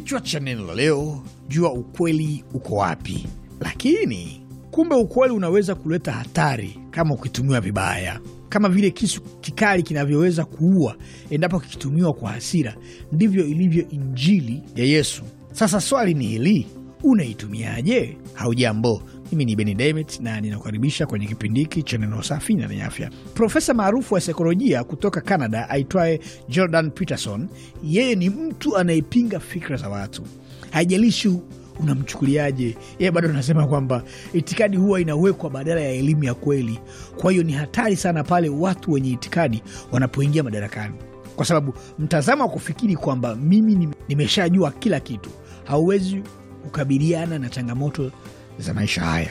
Kichwa cha neno la leo: jua ukweli uko wapi. Lakini kumbe ukweli unaweza kuleta hatari kama ukitumiwa vibaya. Kama vile kisu kikali kinavyoweza kuua endapo kikitumiwa kwa hasira, ndivyo ilivyo Injili ya Yesu. Sasa swali ni hili, unaitumiaje? Haujambo, mimi ni Beni David na ninakukaribisha kwenye kipindi hiki cha neno safi na lenye afya. Profesa maarufu wa sikolojia kutoka Canada aitwaye Jordan Peterson, yeye ni mtu anayepinga fikra za watu, haijalishi unamchukuliaje yeye, bado anasema kwamba itikadi huwa inawekwa badala ya elimu ya kweli. Kwa hiyo ni hatari sana pale watu wenye itikadi wanapoingia madarakani, kwa sababu mtazamo wa kufikiri kwamba mimi nimeshajua kila kitu, hauwezi kukabiliana na changamoto za maisha haya.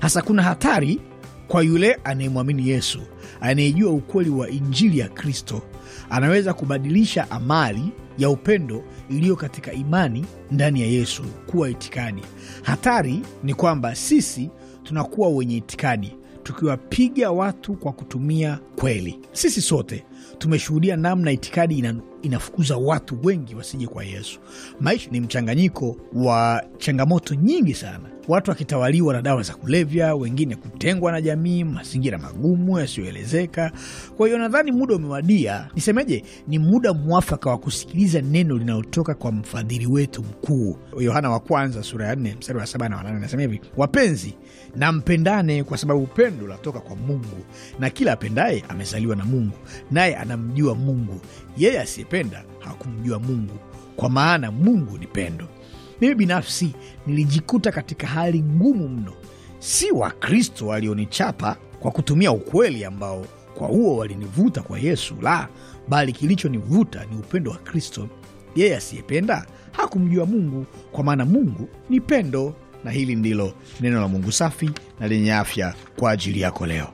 Hasa kuna hatari kwa yule anayemwamini Yesu, anayejua ukweli wa Injili ya Kristo, anaweza kubadilisha amali ya upendo iliyo katika imani ndani ya Yesu kuwa itikadi. Hatari ni kwamba sisi tunakuwa wenye itikadi tukiwapiga watu kwa kutumia kweli. Sisi sote tumeshuhudia namna itikadi inafukuza watu wengi wasije kwa Yesu. Maisha ni mchanganyiko wa changamoto nyingi sana, watu wakitawaliwa na dawa za kulevya, wengine kutengwa na jamii, mazingira magumu yasiyoelezeka. Kwa hiyo nadhani muda umewadia, nisemeje, ni muda mwafaka wa kusikiliza neno linalotoka kwa mfadhili wetu mkuu. Yohana wa kwanza sura ya 4 mstari wa 7 na wanane anasema hivi: wapenzi, na mpendane kwa sababu upendo unatoka kwa Mungu, na kila apendaye amezaliwa na Mungu, naye anamjua Mungu. Yeye kunipenda hakumjua Mungu, kwa maana Mungu ni pendo. Mimi binafsi nilijikuta katika hali ngumu mno, si Wakristo walionichapa kwa kutumia ukweli ambao kwa huo walinivuta kwa Yesu, la bali kilichonivuta ni upendo wa Kristo. Yeye asiyependa hakumjua Mungu, kwa maana Mungu ni pendo. Na hili ndilo neno la Mungu safi na lenye afya kwa ajili yako leo.